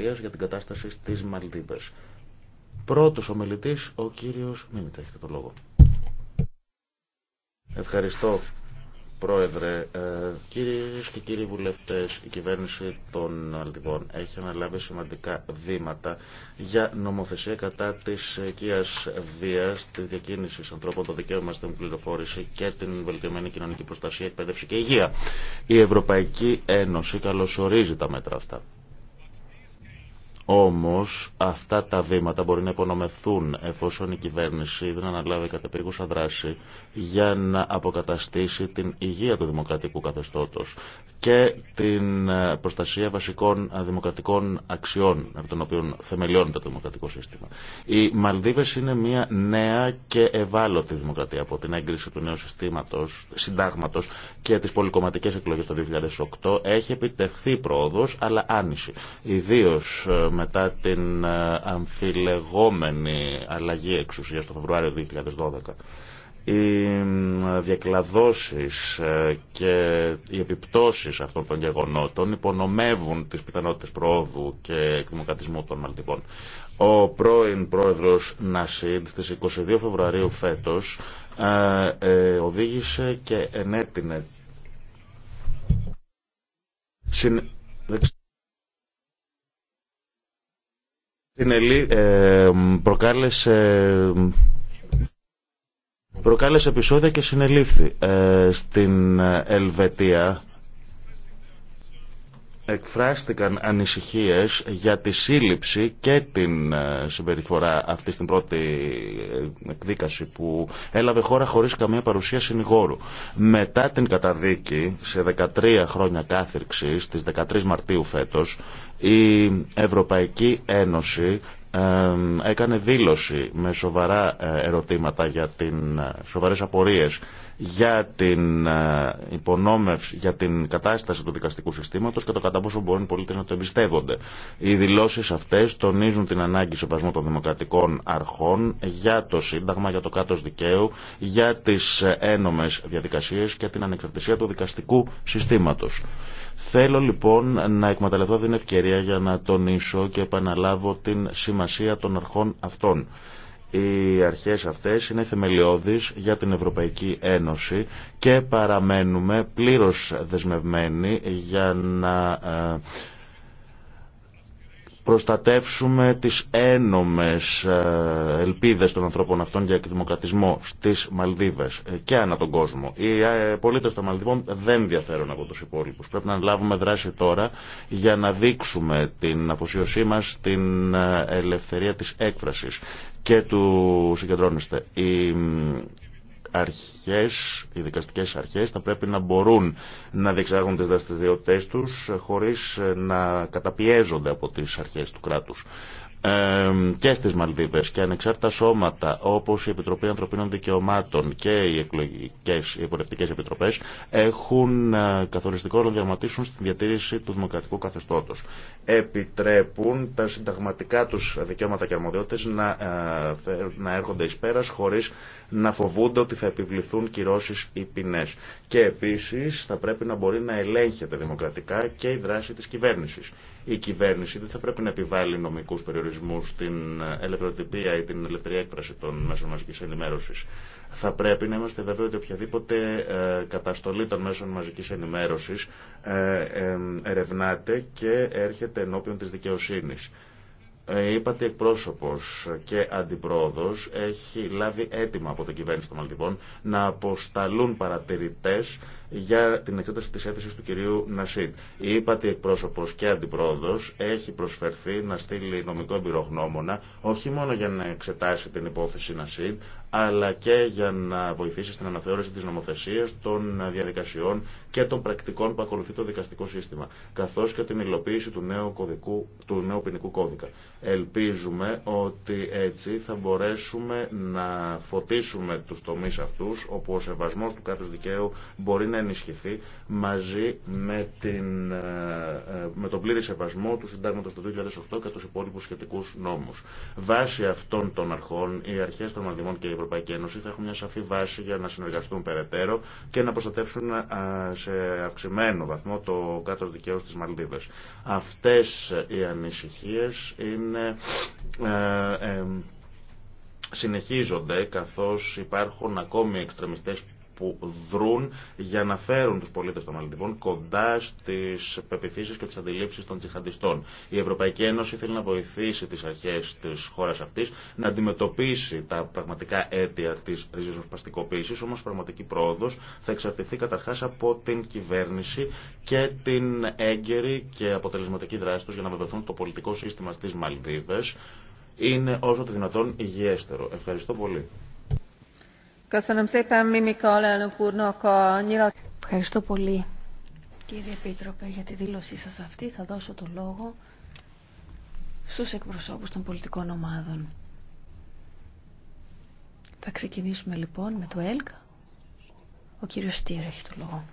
για την κατάσταση στις Μαλτίβες. Πρώτος ομιλητής, ο κύριος Μίμητ, έχετε το λόγο. Ευχαριστώ. Πρόεδρε, ε, κύριε και κύριοι βουλευτές, η κυβέρνηση των Μαλτιβών έχει αναλάβει σημαντικά βήματα για νομοθεσία κατά της οικίας βίας, τη διακίνηση ανθρώπων, το δικαίωμα στην πληροφόρηση και την βελτιωμένη κοινωνική προστασία, εκπαίδευση και υγεία. Η Ευρωπαϊκή Ένωση καλωσορίζει τα μέτρα αυτά. Όμως αυτά τα βήματα μπορεί να υπονομευθούν εφόσον η κυβέρνηση δεν αναλάβει κατεπίγουσα δράση για να αποκαταστήσει την υγεία του δημοκρατικού καθεστώτος και την ε, προστασία βασικών ε, δημοκρατικών αξιών από των οποίων θεμελιώνεται το δημοκρατικό σύστημα. Οι Μαλδίβες είναι μια νέα και ευάλωτη δημοκρατία από την έγκριση του νέου συστήματος, συντάγματος και τις πολυκομματικές εκλογές το 2008 έχει επιτευχθεί πρόοδος αλλά άνηση. Ιδίως ε, μετά την ε, αμφιλεγόμενη αλλαγή εξουσίας το Φεβρουάριο 2012 οι διακλαδώσεις ε, και οι επιπτώσεις αυτών των γεγονότων υπονομεύουν τις πιθανότητες προόδου και εκδημοκρατισμού των Μαλτιβών. Ο πρώην πρόεδρος Νασίντ στις 22 Φεβρουαρίου φέτος ε, οδήγησε και ενέτεινε Ε, προκάλεσε προκάλεσε επεισόδια και συνελήφθη. Ε, στην ε, Ελβετία εκφράστηκαν ανησυχίες για τη σύλληψη και την ε, συμπεριφορά αυτή στην πρώτη ε, εκδίκαση που έλαβε χώρα χωρίς καμία παρουσία συνηγόρου. Μετά την καταδίκη σε 13 χρόνια κάθυρξη στις 13 Μαρτίου φέτος η Ευρωπαϊκή Ένωση ε, έκανε δήλωση με σοβαρά ερωτήματα για την σοβαρές απορίες για την, ε, υπονόμευση, για την κατάσταση του δικαστικού συστήματος και το κατά πόσο μπορούν οι πολίτες να το εμπιστεύονται. Οι δηλώσεις αυτές τονίζουν την ανάγκη σεβασμού των δημοκρατικών αρχών για το Σύνταγμα, για το κάτος δικαίου, για τις ε, ένομες διαδικασίες και την ανεξαρτησία του δικαστικού συστήματος. Θέλω λοιπόν να εκμεταλλευτώ την ευκαιρία για να τονίσω και επαναλάβω την σημασία των αρχών αυτών. Οι αρχές αυτές είναι θεμελιώδεις για την Ευρωπαϊκή Ένωση και παραμένουμε πλήρως δεσμευμένοι για να ε, προστατεύσουμε τις ένομες ε, ελπίδες των ανθρώπων αυτών για εκδημοκρατισμό στις Μαλδίβες ε, και ανά τον κόσμο. Οι ε, πολίτες των Μαλδιβών δεν διαφέρουν από τους υπόλοιπους. Πρέπει να λάβουμε δράση τώρα για να δείξουμε την αφοσίωσή μας στην ελευθερία της έκφρασης και του συγκεντρώνεστε. Η αρχές, οι δικαστικές αρχές θα πρέπει να μπορούν να διεξάγουν τις δραστηριότητές τους ε, χωρίς ε, να καταπιέζονται από τις αρχές του κράτους και στις Μαλδίβες και ανεξάρτητα σώματα όπως η Επιτροπή Ανθρωπίνων Δικαιωμάτων και οι εκλογικές, οι Επιτροπέ επιτροπές έχουν ε, καθοριστικό ρόλο διαρματίσουν στη διατήρηση του δημοκρατικού καθεστώτος. Επιτρέπουν τα συνταγματικά τους δικαιώματα και αρμοδιότητες να, ε, να έρχονται εις πέρας χωρίς να φοβούνται ότι θα επιβληθούν κυρώσεις ή ποινές. Και επίσης θα πρέπει να μπορεί να ελέγχεται δημοκρατικά και η δράση της κυβέρνησης. Η κυβέρνηση δεν θα πρέπει να επιβάλλει νομικούς περιορισμούς περιορισμού στην ελευθεροτυπία ή την ελευθερία έκφραση των μέσων μαζική ενημέρωση. Θα πρέπει να είμαστε βέβαιοι ότι οποιαδήποτε ε, καταστολή των μέσων μαζικής ενημέρωσης ε, ε, ερευνάται και έρχεται ενώπιον της δικαιοσύνης. Είπατε εκπρόσωπο και αντιπρόοδος έχει λάβει έτοιμα από την κυβέρνηση των Μαλτιβών να αποσταλούν παρατηρητές για την εξέταση της αίτησης του κυρίου Νασίτ. Η ύπατη εκπρόσωπος και αντιπρόοδος έχει προσφερθεί να στείλει νομικό εμπειρογνώμονα όχι μόνο για να εξετάσει την υπόθεση Νασίτ αλλά και για να βοηθήσει στην αναθεώρηση της νομοθεσίας των διαδικασιών και των πρακτικών που ακολουθεί το δικαστικό σύστημα, καθώς και την υλοποίηση του νέου, κωδικού, του νέου ποινικού κώδικα. Ελπίζουμε ότι έτσι θα μπορέσουμε να φωτίσουμε τομείς αυτούς όπου ο σεβασμός του κράτους δικαίου μπορεί να ενισχυθεί μαζί με, την, ε, ε, τον πλήρη σεβασμό του συντάγματος του 2008 και τους υπόλοιπους σχετικούς νόμους. Βάσει αυτών των αρχών, οι αρχές των Μαλδιμών και η Ευρωπαϊκή Ένωση θα έχουν μια σαφή βάση για να συνεργαστούν περαιτέρω και να προστατεύσουν ε, σε αυξημένο βαθμό το κάτω δικαίου στις Μαλδίβες. Αυτές οι ανησυχίες είναι... συνεχίζονται καθώς υπάρχουν ακόμη εξτρεμιστές που δρούν για να φέρουν τους πολίτες των Μαλδιβών κοντά στις πεπιθήσεις και τις αντιλήψεις των τσιχαντιστών. Η Ευρωπαϊκή Ένωση θέλει να βοηθήσει τις αρχές της χώρας αυτής να αντιμετωπίσει τα πραγματικά αίτια της ριζοσπαστικοποίησης, όμως πραγματική πρόοδος θα εξαρτηθεί καταρχάς από την κυβέρνηση και την έγκαιρη και αποτελεσματική δράση τους για να βεβαιωθούν το πολιτικό σύστημα στις Μαλδίβες είναι όσο το δυνατόν υγιέστερο. Ευχαριστώ πολύ. Ευχαριστώ πολύ κύριε Πίτροπε, για τη δήλωσή σας αυτή. Θα δώσω το λόγο στους εκπροσώπους των πολιτικών ομάδων. Θα ξεκινήσουμε λοιπόν με το ΕΛΚ. Ο κύριος Στήρα έχει το λόγο.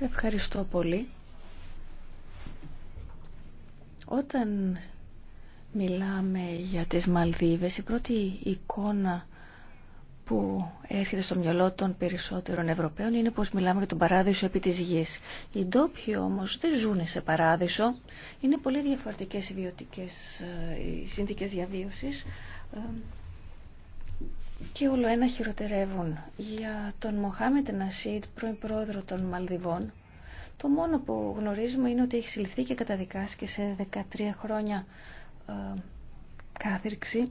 Ευχαριστώ πολύ. Όταν Μιλάμε για τις Μαλδίβες. Η πρώτη εικόνα που έρχεται στο μυαλό των περισσότερων Ευρωπαίων είναι πως μιλάμε για τον παράδεισο επί της γης. Οι ντόπιοι όμως δεν ζουν σε παράδεισο. Είναι πολύ διαφορετικές οι, βιωτικές, ε, οι συνθήκες διαβίωσης ε, και όλο ένα χειροτερεύουν. Για τον Μοχάμετ Νασίτ, πρώην πρόεδρο των Μαλδιβών, το μόνο που γνωρίζουμε είναι ότι έχει συλληφθεί και και σε 13 χρόνια ε, κάθερξη,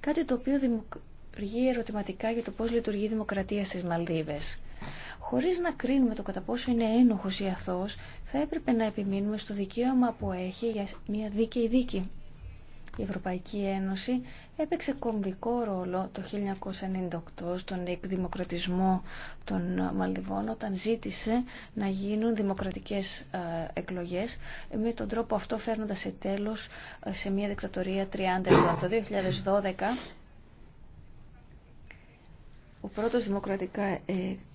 κάτι το οποίο δημιουργεί ερωτηματικά για το πώς λειτουργεί η δημοκρατία στις Μαλδίβες. Χωρίς να κρίνουμε το κατά πόσο είναι ένοχος ή αθώος, θα έπρεπε να επιμείνουμε στο δικαίωμα που έχει για μια δίκαιη δίκη η Ευρωπαϊκή Ένωση έπαιξε κομβικό ρόλο το 1998 στον εκδημοκρατισμό των Μαλδιβών όταν ζήτησε να γίνουν δημοκρατικές ε, εκλογές με τον τρόπο αυτό φέρνοντας σε τέλος ε, σε μια δικτατορία 30 ετών. Το 2012 ο πρώτος δημοκρατικά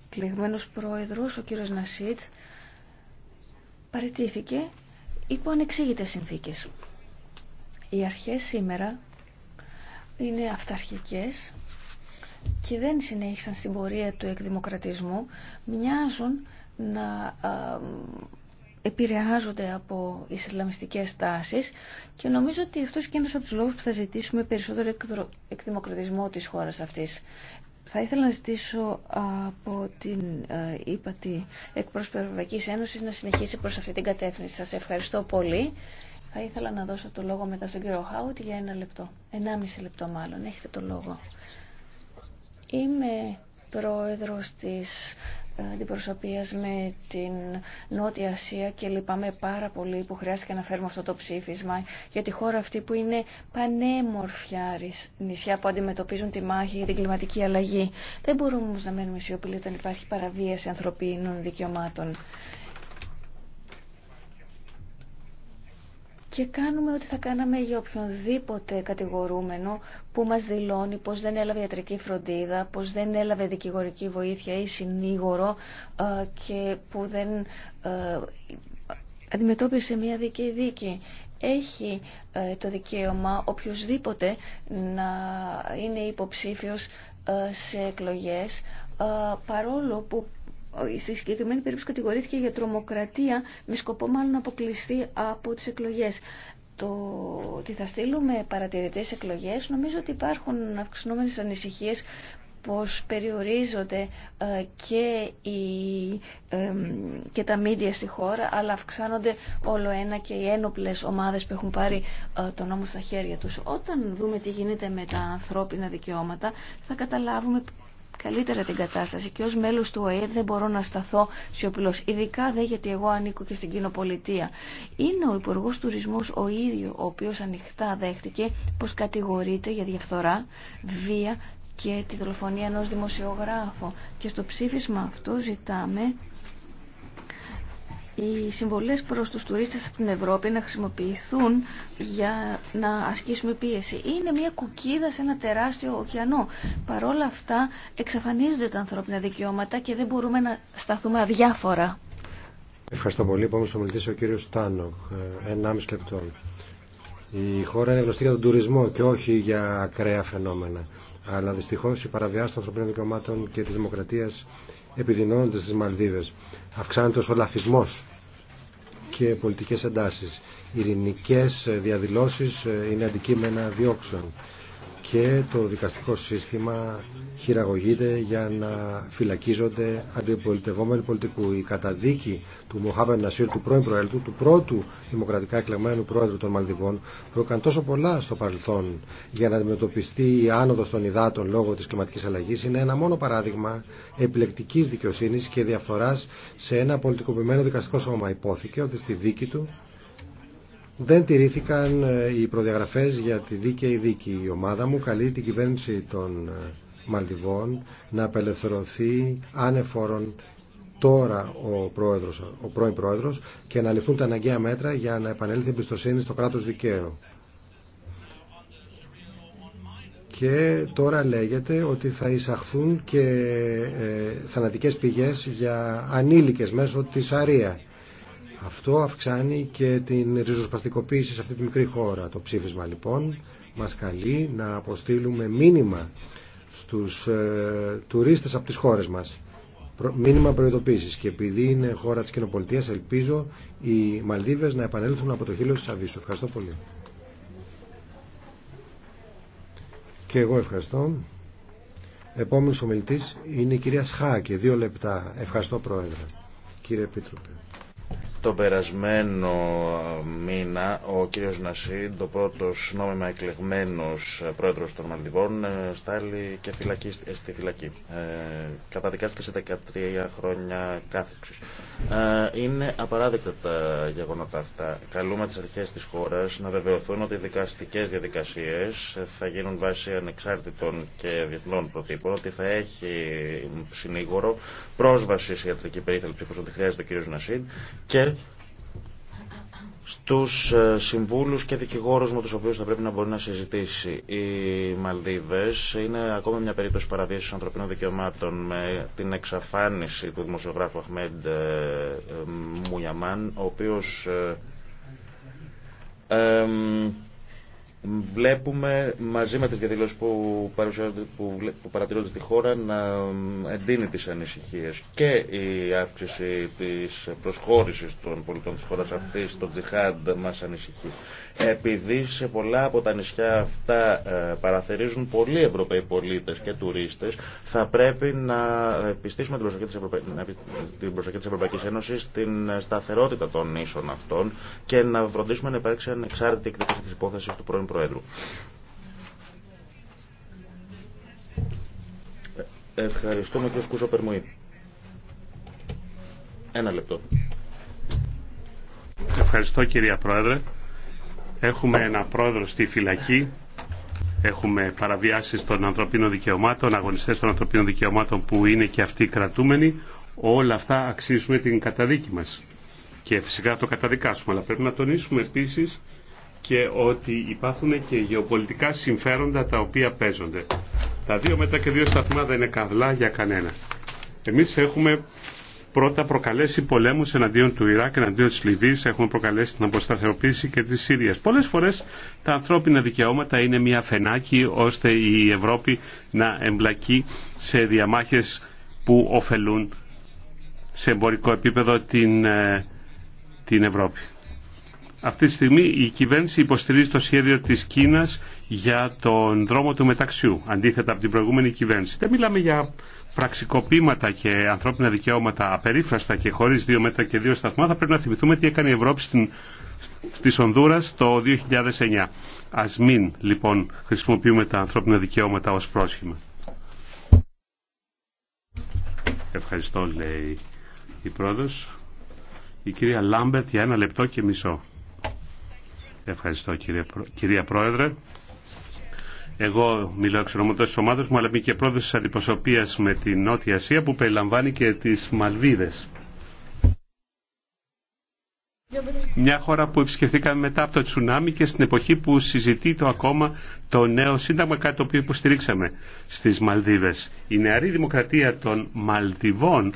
εκλεγμένος πρόεδρος, ο κύριος Νασίτ, παραιτήθηκε υπό ανεξήγητες συνθήκες. Οι αρχές σήμερα είναι αυταρχικές και δεν συνέχισαν στην πορεία του εκδημοκρατισμού, μοιάζουν να επηρεάζονται από ισλαμιστικές τάσεις και νομίζω ότι αυτός και ένας από τους λόγους που θα ζητήσουμε περισσότερο εκδημοκρατισμό της χώρας αυτής. Θα ήθελα να ζητήσω από την ύπατη εκπρόσωπη Ευρωπαϊκής Ένωσης να συνεχίσει προς αυτή την κατεύθυνση. Σας ευχαριστώ πολύ. Θα ήθελα να δώσω το λόγο μετά στον κύριο Χάουτ για ένα λεπτό. Ενάμιση λεπτό μάλλον. Έχετε το λόγο. Είμαι πρόεδρος της ε, αντιπροσωπείας με την Νότια Ασία και λυπάμαι πάρα πολύ που χρειάστηκε να φέρουμε αυτό το ψήφισμα για τη χώρα αυτή που είναι πανέμορφια νησιά που αντιμετωπίζουν τη μάχη για την κλιματική αλλαγή. Δεν μπορούμε όμως να μένουμε σιωπηλοί όταν υπάρχει παραβίαση ανθρωπίνων δικαιωμάτων. και κάνουμε ό,τι θα κάναμε για οποιονδήποτε κατηγορούμενο που μας δηλώνει πως δεν έλαβε ιατρική φροντίδα, πως δεν έλαβε δικηγορική βοήθεια ή συνήγορο ε, και που δεν ε, αντιμετώπισε μια δική δίκη. Έχει ε, το δικαίωμα οποιοδήποτε να είναι υποψήφιος σε εκλογές παρόλο που στη συγκεκριμένη περίπτωση κατηγορήθηκε για τρομοκρατία με σκοπό μάλλον να αποκλειστεί από τις εκλογές. Το ότι θα στείλουμε παρατηρητές εκλογές νομίζω ότι υπάρχουν αυξανόμενες ανησυχίες πως περιορίζονται ε, και, και τα μίντια στη χώρα, αλλά αυξάνονται όλο ένα και οι ένοπλες ομάδες που έχουν πάρει ε, το νόμο στα χέρια τους. Όταν δούμε τι γίνεται με τα ανθρώπινα δικαιώματα, θα καταλάβουμε καλύτερα την κατάσταση και ως μέλος του ΟΕΕ δεν μπορώ να σταθώ σιωπηλός. Ειδικά δε γιατί εγώ ανήκω και στην κοινοπολιτεία. Είναι ο υπουργό Τουρισμού ο ίδιο ο οποίος ανοιχτά δέχτηκε πως κατηγορείται για διαφθορά, βία και τη δολοφονία ενός δημοσιογράφου. Και στο ψήφισμα αυτό ζητάμε οι συμβολές προς τους τουρίστες από την Ευρώπη να χρησιμοποιηθούν για να ασκήσουμε πίεση. Είναι μια κουκίδα σε ένα τεράστιο ωκεανό. Παρόλα αυτά εξαφανίζονται τα ανθρώπινα δικαιώματα και δεν μπορούμε να σταθούμε αδιάφορα. Ευχαριστώ πολύ. Επόμενος ομιλητής ο κύριος Τάνο. Ένα ε, λεπτό. Η χώρα είναι γνωστή για τον τουρισμό και όχι για ακραία φαινόμενα. Αλλά δυστυχώ οι παραβιάσει των ανθρωπίνων δικαιωμάτων και τη δημοκρατία επιδεινώνονται στι Μαλδίβε. Αυξάνεται ο σολαφισμό και πολιτικέ εντάσει. Ειρηνικέ διαδηλώσει ε, είναι αντικείμενα διώξεων και το δικαστικό σύστημα χειραγωγείται για να φυλακίζονται αντιπολιτευόμενοι πολιτικού. Η καταδίκη του Μοχάμεν Νασίρ, του πρώην Προέλτου, του πρώτου δημοκρατικά εκλεγμένου πρόεδρου των Μαλδιβών, που έκανε τόσο πολλά στο παρελθόν για να αντιμετωπιστεί η άνοδο των υδάτων λόγω τη κλιματική αλλαγή, είναι ένα μόνο παράδειγμα επιλεκτική δικαιοσύνη και διαφθορά σε ένα πολιτικοποιημένο δικαστικό σώμα. Υπόθηκε ότι στη δίκη του δεν τηρήθηκαν ε, οι προδιαγραφές για τη δίκαιη δίκη. Η ομάδα μου καλεί την κυβέρνηση των ε, Μαλτιβών να απελευθερωθεί άνεφορον τώρα ο, πρόεδρος, ο πρώην πρόεδρος και να ληφθούν τα αναγκαία μέτρα για να επανέλθει η εμπιστοσύνη στο κράτος δικαίου. Και τώρα λέγεται ότι θα εισαχθούν και ε, θανατικές πηγές για ανήλικες μέσω της Αρία. Αυτό αυξάνει και την ριζοσπαστικοποίηση σε αυτή τη μικρή χώρα. Το ψήφισμα λοιπόν μας καλεί να αποστείλουμε μήνυμα στους ε, τουρίστες από τις χώρες μας. Μήνυμα προειδοποίησης και επειδή είναι χώρα της κοινοπολιτείας ελπίζω οι Μαλδίβες να επανέλθουν από το χείλο της Αβίσου. Ευχαριστώ πολύ. Και εγώ ευχαριστώ. Επόμενος ομιλητής είναι η κυρία και Δύο λεπτά. Ευχαριστώ Πρόεδρε. Κύριε Επίτροπε. Το περασμένο μήνα ο κύριος Νασίν, το πρώτος νόμιμα εκλεγμένος πρόεδρος των Μαλδιβών, ε, στάλει και φυλακή, ε, στη φυλακή. Ε, καταδικάστηκε σε 13 χρόνια κάθεξης. Ε, είναι απαράδεκτα τα γεγονότα αυτά. Καλούμε τις αρχές της χώρας να βεβαιωθούν ότι οι δικαστικές διαδικασίες θα γίνουν βάσει ανεξάρτητων και διεθνών προτύπων, ότι θα έχει συνήγορο πρόσβαση σε ιατρική περίθαλψη εφόσον τη χρειάζεται ο κύριος Νασίν και στους ε, συμβούλους και δικηγόρους με τους οποίους θα πρέπει να μπορεί να συζητήσει. Οι Μαλδίβες είναι ακόμα μια περίπτωση παραβίασης ανθρωπινών δικαιωμάτων με την εξαφάνιση του δημοσιογράφου Αχμέντ ε, ε, Μουνιαμάν, ο οποίος βλέπουμε μαζί με τις διαδηλώσεις που, που, που παρατηρούνται στη χώρα να εντείνει τις ανησυχίες και η αύξηση της προσχώρησης των πολιτών της χώρας αυτής στο τζιχάντ μας ανησυχεί επειδή σε πολλά από τα νησιά αυτά ε, παραθερίζουν πολλοί Ευρωπαίοι πολίτες και τουρίστες, θα πρέπει να πιστήσουμε την προσοχή της, Ευρωπαϊκή Ένωση Ευρωπαϊκής Ένωσης στην ε, σταθερότητα των νήσων αυτών και να φροντίσουμε να υπάρξει ανεξάρτητη εκδίκηση της υπόθεσης του πρώην Προέδρου. Ε, ευχαριστούμε κύριο Σκούσο Περμουή. Ένα λεπτό. Ευχαριστώ κυρία Πρόεδρε. Έχουμε ένα πρόεδρο στη φυλακή, έχουμε παραβιάσεις των ανθρωπίνων δικαιωμάτων, αγωνιστές των ανθρωπίνων δικαιωμάτων που είναι και αυτοί κρατούμενοι. Όλα αυτά αξίζουν την καταδίκη μας. Και φυσικά το καταδικάσουμε, αλλά πρέπει να τονίσουμε επίσης και ότι υπάρχουν και γεωπολιτικά συμφέροντα τα οποία παίζονται. Τα δύο μετά και δύο σταθμά δεν είναι καυλά για κανένα. Εμείς έχουμε πρώτα προκαλέσει πολέμους εναντίον του Ιράκ, εναντίον της Λιβύης, έχουμε προκαλέσει την αποσταθεροποίηση και της Συρίας. Πολλές φορές τα ανθρώπινα δικαιώματα είναι μια φενάκι ώστε η Ευρώπη να εμπλακεί σε διαμάχες που ωφελούν σε εμπορικό επίπεδο την, ε, την Ευρώπη. Αυτή τη στιγμή η κυβέρνηση υποστηρίζει το σχέδιο της Κίνας για τον δρόμο του μεταξιού, αντίθετα από την προηγούμενη κυβέρνηση. Δεν μιλάμε για πραξικοπήματα και ανθρώπινα δικαιώματα απερίφραστα και χωρίς δύο μέτρα και δύο σταθμά θα πρέπει να θυμηθούμε τι έκανε η Ευρώπη στην, στη το 2009. Ας μην λοιπόν χρησιμοποιούμε τα ανθρώπινα δικαιώματα ως πρόσχημα. Ευχαριστώ λέει η πρόεδρος. Η κυρία Λάμπερτ για ένα λεπτό και μισό. Ευχαριστώ κυρία Πρόεδρε. Εγώ μιλώ εξ ονόματο τη ομάδα μου, αλλά είμαι και πρόεδρο τη αντιπροσωπεία με την Νότια Ασία που περιλαμβάνει και τι Μαλβίδε. Μια χώρα που επισκεφθήκαμε μετά από το τσουνάμι και στην εποχή που συζητεί το ακόμα το νέο σύνταγμα, κάτι το οποίο υποστηρίξαμε στις Μαλδίβες. Η νεαρή δημοκρατία των Μαλδιβών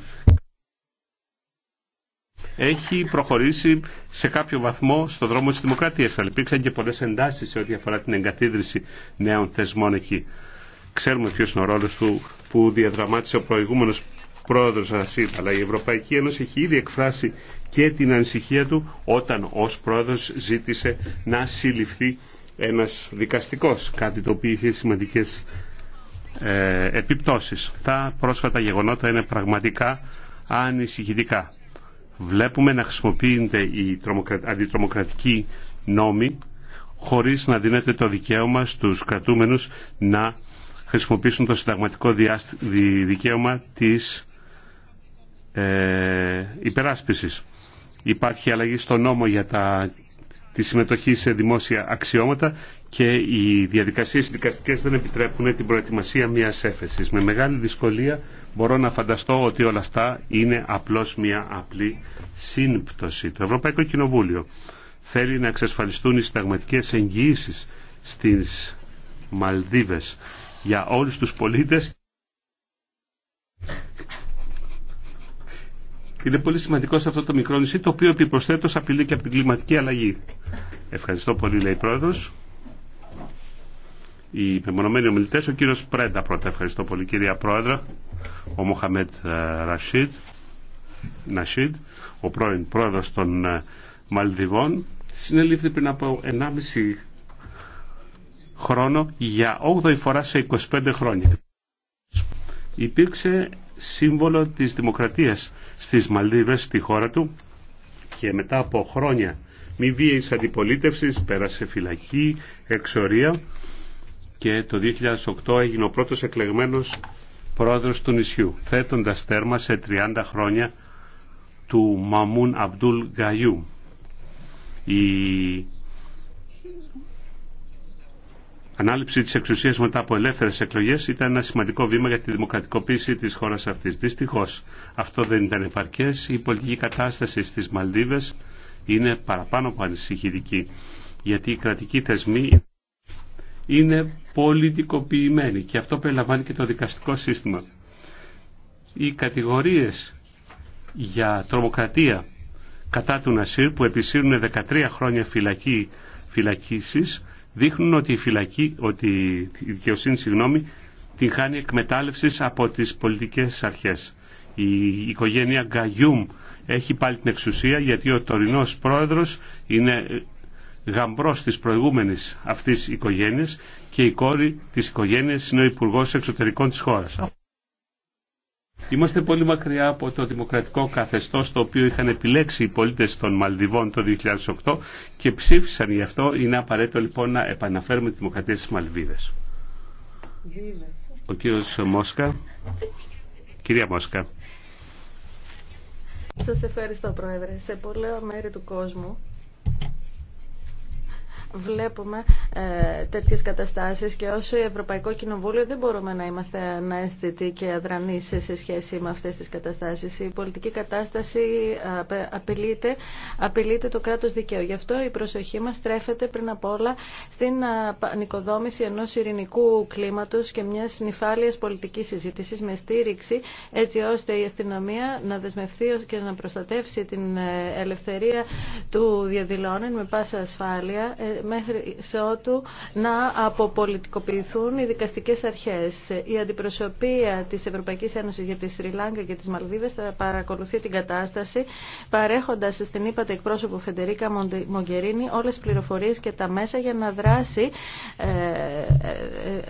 έχει προχωρήσει σε κάποιο βαθμό στον δρόμο της δημοκρατίας, αλλά υπήρξαν και πολλές εντάσεις σε ό,τι αφορά την εγκαθίδρυση νέων θεσμών εκεί. Ξέρουμε ποιο είναι ο ρόλος του που διαδραμάτισε ο προηγούμενος πρόεδρος Ασίτ, αλλά η Ευρωπαϊκή Ένωση έχει ήδη εκφράσει και την ανησυχία του όταν ως πρόεδρος ζήτησε να συλληφθεί ένας δικαστικός, κάτι το οποίο είχε σημαντικές ε, επιπτώσεις. Τα πρόσφατα γεγονότα είναι πραγματικά ανησυχητικά βλέπουμε να χρησιμοποιείται η αντιτρομοκρατική νόμοι χωρίς να δίνεται το δικαίωμα στους κρατούμενους να χρησιμοποιήσουν το συνταγματικό δικαίωμα της ε, υπεράσπισης. Υπάρχει αλλαγή στο νόμο για τα τη συμμετοχή σε δημόσια αξιώματα και οι διαδικασίες δικαστικές δεν επιτρέπουν την προετοιμασία μιας έφεσης. Με μεγάλη δυσκολία μπορώ να φανταστώ ότι όλα αυτά είναι απλώς μια απλή σύμπτωση. Το Ευρωπαϊκό Κοινοβούλιο θέλει να εξασφαλιστούν οι συνταγματικές εγγυήσεις στις Μαλδίβες για όλους τους πολίτες είναι πολύ σημαντικό σε αυτό το μικρό νησί, το οποίο επιπροσθέτω απειλεί και από την κλιματική αλλαγή. Ευχαριστώ πολύ, λέει η πρόεδρο. Οι μεμονωμένοι ομιλητέ, ο κύριο Πρέντα πρώτα. Ευχαριστώ πολύ, κυρία Πρόεδρα. Ο Μοχαμέτ ε, Ρασίδ, Νασίδ, ο πρώην πρόεδρο των ε, Μαλδιβών, συνελήφθη πριν από 1,5 χρόνο για 8η φορά σε 25 χρόνια. Υπήρξε σύμβολο της δημοκρατίας στις Μαλδίβες, στη χώρα του και μετά από χρόνια μη βίαιης αντιπολίτευσης πέρασε φυλακή, εξορία και το 2008 έγινε ο πρώτος εκλεγμένος πρόεδρος του νησιού, θέτοντας τέρμα σε 30 χρόνια του Μαμούν Αμπτούλ Γκαϊού ανάληψη της εξουσίας μετά από ελεύθερες εκλογές ήταν ένα σημαντικό βήμα για τη δημοκρατικοποίηση της χώρας αυτής. Δυστυχώς αυτό δεν ήταν επαρκές. Η πολιτική κατάσταση στις Μαλδίβες είναι παραπάνω από ανησυχητική γιατί οι κρατικοί θεσμοί είναι πολιτικοποιημένοι και αυτό περιλαμβάνει και το δικαστικό σύστημα. Οι κατηγορίες για τρομοκρατία κατά του Νασίρ που επισύρουν 13 χρόνια φυλακή, φυλακίσεις δείχνουν ότι η φυλακή, ότι η δικαιοσύνη, συγγνώμη, την χάνει εκμετάλλευση από τις πολιτικές αρχές. Η οικογένεια Γκαγιούμ έχει πάλι την εξουσία γιατί ο τωρινός πρόεδρος είναι γαμπρός της προηγούμενης αυτής οικογένειας και η κόρη της οικογένειας είναι ο υπουργό Εξωτερικών της χώρας. Είμαστε πολύ μακριά από το δημοκρατικό καθεστώς το οποίο είχαν επιλέξει οι πολίτες των Μαλδιβών το 2008 και ψήφισαν γι' αυτό. Είναι απαραίτητο λοιπόν να επαναφέρουμε τη δημοκρατία στις Μαλβίδες. Ο κύριος Μόσκα. Κυρία Μόσκα. Σας ευχαριστώ Πρόεδρε. Σε πολλά μέρη του κόσμου βλέπουμε ε, τέτοιες καταστάσεις και ως Ευρωπαϊκό Κοινοβούλιο δεν μπορούμε να είμαστε αναίσθητοι και αδρανείς σε σχέση με αυτές τις καταστάσεις. Η πολιτική κατάσταση απειλείται, απειλείται το κράτος δικαίου. Γι' αυτό η προσοχή μας στρέφεται πριν απ' όλα στην νοικοδόμηση ενός ειρηνικού κλίματος και μιας νυφάλιας πολιτικής συζήτησης με στήριξη έτσι ώστε η αστυνομία να δεσμευτεί και να προστατεύσει την ε, ελευθερία του διαδηλώνων με πάσα ασφάλεια ε, μέχρι σε ότου να αποπολιτικοποιηθούν οι δικαστικές αρχές. Η αντιπροσωπεία της Ευρωπαϊκής Ένωσης για τη Σρι Λάγκα και τις Μαλδίβες θα παρακολουθεί την κατάσταση παρέχοντας στην ύπατη εκπρόσωπο Φεντερίκα Μογκερίνη όλες τις πληροφορίες και τα μέσα για να δράσει ε, ε, ε,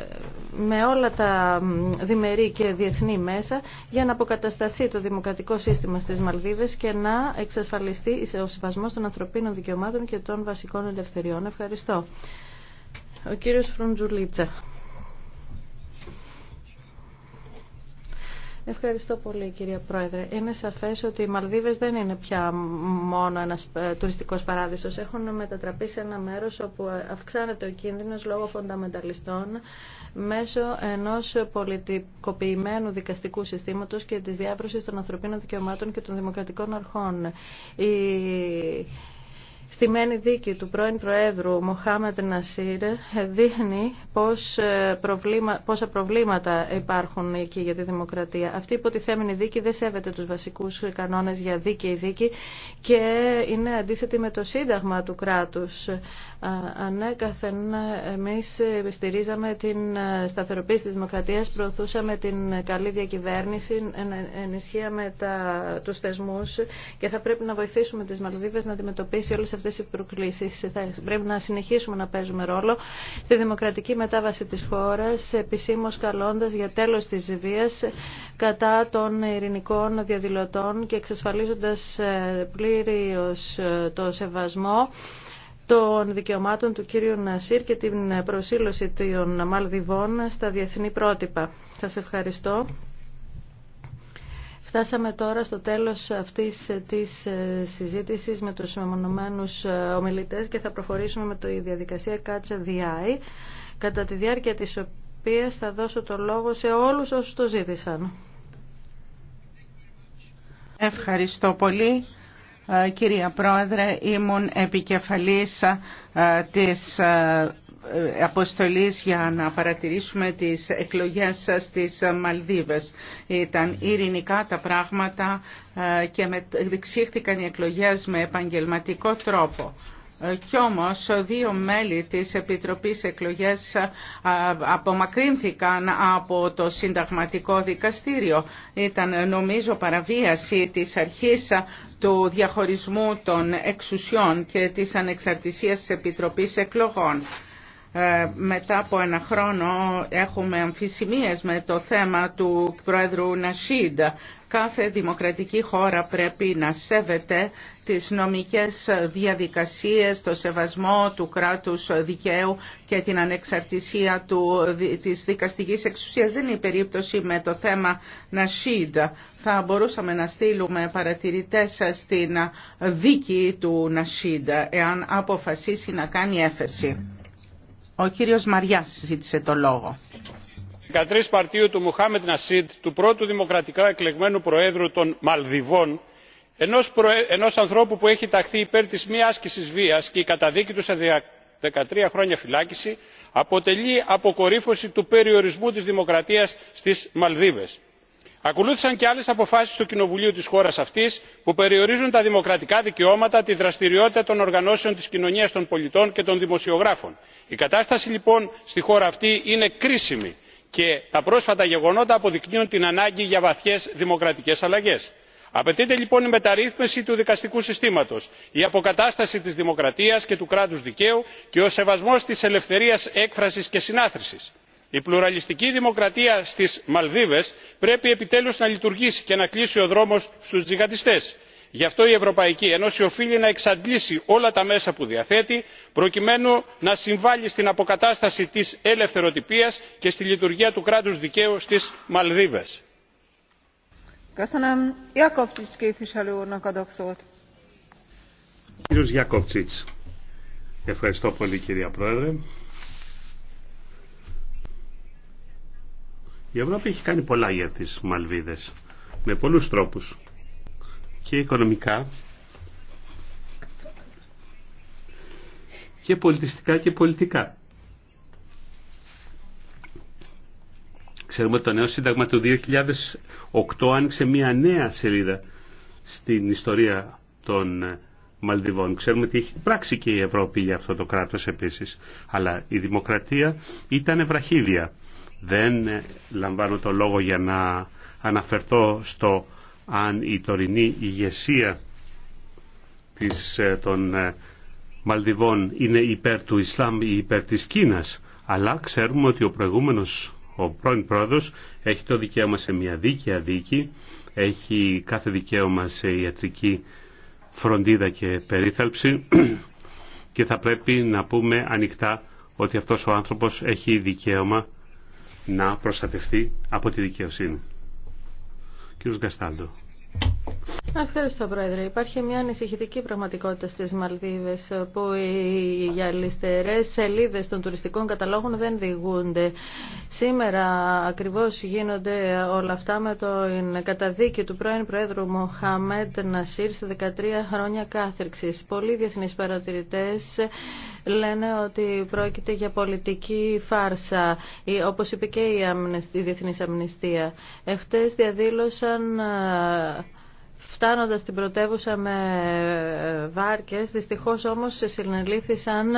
με όλα τα διμερή και διεθνή μέσα για να αποκατασταθεί το δημοκρατικό σύστημα στις Μαλδίβες και να εξασφαλιστεί ο συμβασμός των ανθρωπίνων δικαιωμάτων και των βασικών ελευθεριών. Ευχαριστώ. Ο κύριος Φρουντζουλίτσα. Ευχαριστώ πολύ κυρία Πρόεδρε. Είναι σαφές ότι οι Μαλδίβες δεν είναι πια μόνο ένας ε, τουριστικός παράδεισος. Έχουν μετατραπεί σε ένα μέρος όπου ε, αυξάνεται ο κίνδυνος λόγω φονταμενταλιστών μέσω ενός πολιτικοποιημένου δικαστικού συστήματος και της διάβρωσης των ανθρωπίνων δικαιωμάτων και των δημοκρατικών αρχών. Στη μένη δίκη του πρώην Προέδρου Μοχάμετ Νασίρ δείχνει πώς ε, πόσα προβλήματα υπάρχουν εκεί για τη δημοκρατία. Αυτή η υποτιθέμενη δίκη δεν σέβεται τους βασικούς κανόνες για δίκαιη δίκη και είναι αντίθετη με το σύνταγμα του κράτους. Ανέκαθεν εμείς στηρίζαμε την ε, σταθεροποίηση της δημοκρατίας, προωθούσαμε την καλή διακυβέρνηση, ενισχύαμε τα, τους θεσμούς και θα πρέπει να βοηθήσουμε τις Μαλδίβες να αντιμετωπίσει όλες αυτές οι προκλήσεις. Θα πρέπει να συνεχίσουμε να παίζουμε ρόλο στη δημοκρατική μετάβαση της χώρας, επισήμως καλώντας για τέλος της βίας κατά των ειρηνικών διαδηλωτών και εξασφαλίζοντας ε, πλήρως ε, το σεβασμό των δικαιωμάτων του κύριου Νασίρ και την προσήλωση των Μαλδιβών στα διεθνή πρότυπα. Σας ευχαριστώ. Φτάσαμε τώρα στο τέλος αυτής της ε, συζήτησης με τους μεμονωμένους ε, ομιλητές και θα προχωρήσουμε με τη διαδικασία Catch the Eye, κατά τη διάρκεια της οποίας θα δώσω το λόγο σε όλους όσους το ζήτησαν. Ευχαριστώ πολύ. Ε, κυρία Πρόεδρε, ήμουν επικεφαλής της ε, αποστολής για να παρατηρήσουμε τις εκλογές στις Μαλδίβες. Ήταν ειρηνικά τα πράγματα ε, και διεξήχθηκαν οι εκλογές με επαγγελματικό τρόπο. Ε, κι όμως δύο μέλη της Επιτροπής Εκλογές απομακρύνθηκαν από το Συνταγματικό Δικαστήριο. Ήταν νομίζω παραβίαση της αρχής του διαχωρισμού των εξουσιών και της ανεξαρτησίας της Επιτροπής Εκλογών. Ε, μετά από ένα χρόνο έχουμε αμφισημίες με το θέμα του Πρόεδρου Νασίντ. Κάθε δημοκρατική χώρα πρέπει να σέβεται τις νομικές διαδικασίες, το σεβασμό του κράτους δικαίου και την ανεξαρτησία του, της δικαστικής εξουσίας. Δεν είναι η περίπτωση με το θέμα Νασίντ. Θα μπορούσαμε να στείλουμε παρατηρητές στην δίκη του Νασίντ, εάν αποφασίσει να κάνει έφεση. Ο κύριος Μαριάς ζήτησε το λόγο. 13 Παρτίου του Μουχάμετ Νασίτ, του πρώτου δημοκρατικά εκλεγμένου Προέδρου των Μαλδιβών, ενός, ενός ανθρώπου που έχει ταχθεί υπέρ της μη άσκησης βίας και η καταδίκη του σε 13 χρόνια φυλάκιση αποτελεί αποκορύφωση του περιορισμού της δημοκρατίας στις Μαλδίβες ακολούθησαν και άλλες αποφάσεις του κοινοβουλίου της χώρας αυτής που περιορίζουν τα δημοκρατικά δικαιώματα τη δραστηριότητα των οργανώσεων της κοινωνίας των πολιτών και των δημοσιογράφων. η κατάσταση λοιπόν στη χώρα αυτή είναι κρίσιμη και τα πρόσφατα γεγονότα αποδεικνύουν την ανάγκη για βαθιές δημοκρατικές αλλαγές. απαιτείται λοιπόν η μεταρρύθμιση του δικαστικού συστήματος η αποκατάσταση της δημοκρατίας και του κράτους δικαίου και ο σεβασμός της ελευθερίας έκφρασης και συνάθρησης η πλουραλιστική δημοκρατία στις μαλδίβες πρέπει επιτέλους να λειτουργήσει και να κλείσει ο δρόμος στους τζιχαντιστές. γι' αυτό η ευρωπαϊκή ένωση οφείλει να εξαντλήσει όλα τα μέσα που διαθέτει προκειμένου να συμβάλει στην αποκατάσταση της ελευθεροτυπίας και στη λειτουργία του κράτους δικαίου στις μαλδίβες. Η Ευρώπη έχει κάνει πολλά για τις Μαλβίδες με πολλούς τρόπους και οικονομικά και πολιτιστικά και πολιτικά. Ξέρουμε ότι το νέο σύνταγμα του 2008 άνοιξε μια νέα σελίδα στην ιστορία των Μαλδιβών. Ξέρουμε ότι έχει πράξει και η Ευρώπη για αυτό το κράτος επίσης. Αλλά η δημοκρατία ήταν βραχίδια. Δεν ε, λαμβάνω το λόγο για να αναφερθώ στο αν η τωρινή ηγεσία της, ε, των ε, Μαλδιβών είναι υπέρ του Ισλάμ ή υπέρ της Κίνας. Αλλά ξέρουμε ότι ο προηγούμενος, ο πρώην πρόεδρος, έχει το δικαίωμα σε μια δίκαια δίκη, έχει κάθε δικαίωμα σε ιατρική φροντίδα και περίθαλψη και θα πρέπει να πούμε ανοιχτά ότι αυτός ο άνθρωπος έχει δικαίωμα να προστατευτεί από τη δικαιοσύνη. Κύριος Γκαστάλτο. Ευχαριστώ, Πρόεδρε. Υπάρχει μια ανησυχητική πραγματικότητα στι Μαλδίβε που οι γυαλιστερέ σελίδε των τουριστικών καταλόγων δεν διηγούνται. Σήμερα ακριβώ γίνονται όλα αυτά με το καταδίκη του πρώην Πρόεδρου Μοχαμέτ Νασίρ σε 13 χρόνια κάθριξη. Πολλοί διεθνεί παρατηρητέ λένε ότι πρόκειται για πολιτική φάρσα, όπω είπε και η, η Διεθνή Αμνηστία. Εχθέ διαδήλωσαν φτάνοντας στην πρωτεύουσα με ε, βάρκες. Δυστυχώς όμως συνελήφθησαν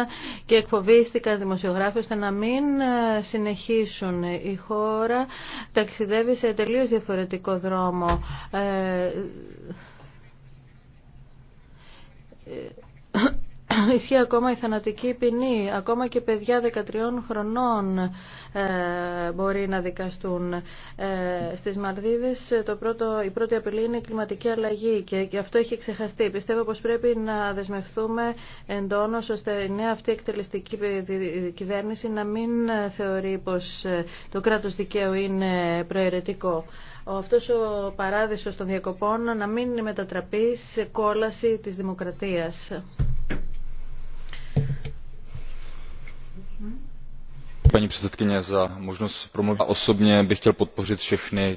και εκφοβίστηκαν δημοσιογράφοι ώστε να μην ε, συνεχίσουν. Η χώρα ταξιδεύει σε τελείως διαφορετικό δρόμο. Ε, ισχύει ακόμα η θανατική ποινή. Ακόμα και παιδιά 13 χρονών ε, μπορεί να δικαστούν. Ε, στις ε, η πρώτη απειλή είναι η κλιματική αλλαγή και, και αυτό έχει ξεχαστεί. Πιστεύω πως πρέπει να δεσμευτούμε εντόνως ώστε η νέα αυτή εκτελεστική κυβέρνηση να μην ε, θεωρεί πως το κράτος δικαίου είναι προαιρετικό αυτός ο παράδεισος των διακοπών να μην μετατραπεί σε κόλαση της δημοκρατίας.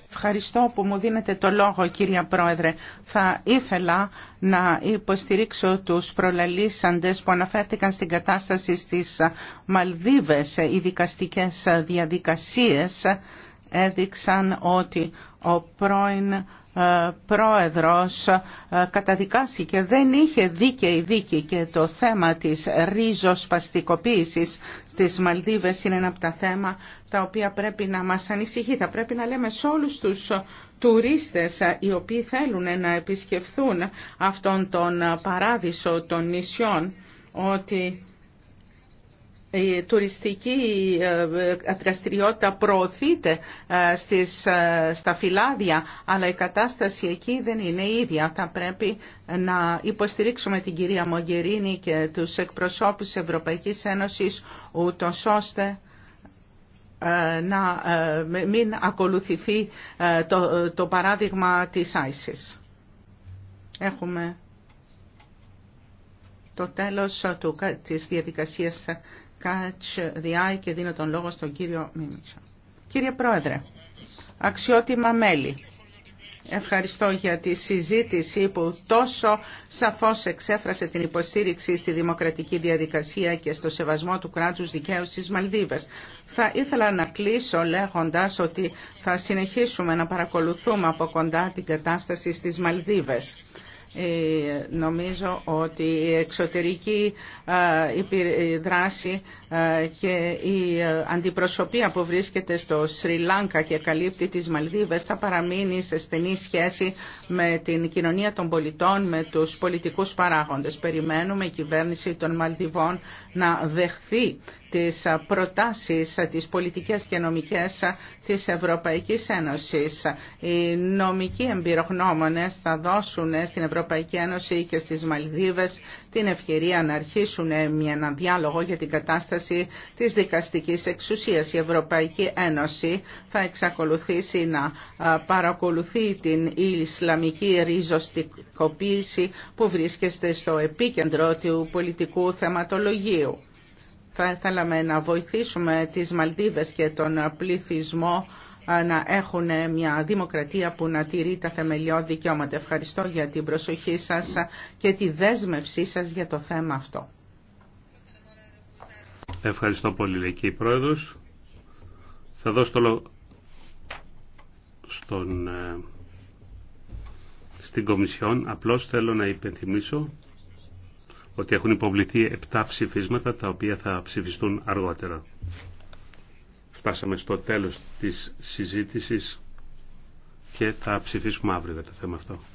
Ευχαριστώ που μου δίνετε το λόγο κύριε Πρόεδρε. Θα ήθελα να υποστηρίξω τους προλαλήσαντες που αναφέρθηκαν στην κατάσταση στις Μαλδίβες. Οι δικαστικές διαδικασίες έδειξαν ότι ο πρώην ε, πρόεδρος ε, καταδικάστηκε. Δεν είχε δίκαιη δίκη και το θέμα της ρίζοσπαστικοποίησης στις Μαλδίβες είναι ένα από τα θέματα τα οποία πρέπει να μας ανησυχεί. Θα πρέπει να λέμε σε όλους τους τουρίστες ε, οι οποίοι θέλουν να επισκεφθούν αυτόν τον παράδεισο των νησιών ότι η τουριστική ε, δραστηριότητα προωθείται ε, στις, ε, στα φυλάδια, αλλά η κατάσταση εκεί δεν είναι ίδια. Θα πρέπει να υποστηρίξουμε την κυρία Μογκερίνη και τους εκπροσώπους της Ευρωπαϊκής Ένωσης, ούτως ώστε να μην ακολουθηθεί το, παράδειγμα της ISIS. Έχουμε το τέλος του, της διαδικασίας Catch the Eye και δίνω τον λόγο στον κύριο Μίμητσα. Κύριε Πρόεδρε, αξιότιμα μέλη, Ευχαριστώ για τη συζήτηση που τόσο σαφώς εξέφρασε την υποστήριξη στη δημοκρατική διαδικασία και στο σεβασμό του κράτους δικαίου στις Μαλδίβες. Θα ήθελα να κλείσω λέγοντας ότι θα συνεχίσουμε να παρακολουθούμε από κοντά την κατάσταση στις Μαλδίβες. Ε, νομίζω ότι η εξωτερική δράση και η αντιπροσωπεία που βρίσκεται στο Σρι Λάνκα και καλύπτει τις Μαλδίβες θα παραμείνει σε στενή σχέση με την κοινωνία των πολιτών, με τους πολιτικούς παράγοντες. Περιμένουμε η κυβέρνηση των Μαλδιβών να δεχθεί τις προτάσεις, τις πολιτικές και νομικές της Ευρωπαϊκής Ένωσης. Οι νομικοί εμπειρογνώμονες θα δώσουν στην Ευρωπαϊκή Ένωση και στις Μαλδίβες την ευκαιρία να αρχίσουν ένα διάλογο για την κατάσταση της δικαστικής εξουσίας. Η Ευρωπαϊκή Ένωση θα εξακολουθήσει να παρακολουθεί την Ισλαμική ριζοστικοποίηση που βρίσκεται στο επίκεντρο του πολιτικού θεματολογίου θα θέλαμε να βοηθήσουμε τις Μαλδίβες και τον πληθυσμό να έχουν μια δημοκρατία που να τηρεί τα θεμελιώδη δικαιώματα. Ευχαριστώ για την προσοχή σας και τη δέσμευσή σας για το θέμα αυτό. Ευχαριστώ πολύ, Λεκή Πρόεδρος. Θα δώσω το λόγο στον, ε, στην Κομισιόν. Απλώς θέλω να υπενθυμίσω ότι έχουν υποβληθεί επτά ψηφίσματα τα οποία θα ψηφιστούν αργότερα. Φτάσαμε στο τέλος της συζήτησης και θα ψηφίσουμε αύριο για το θέμα αυτό.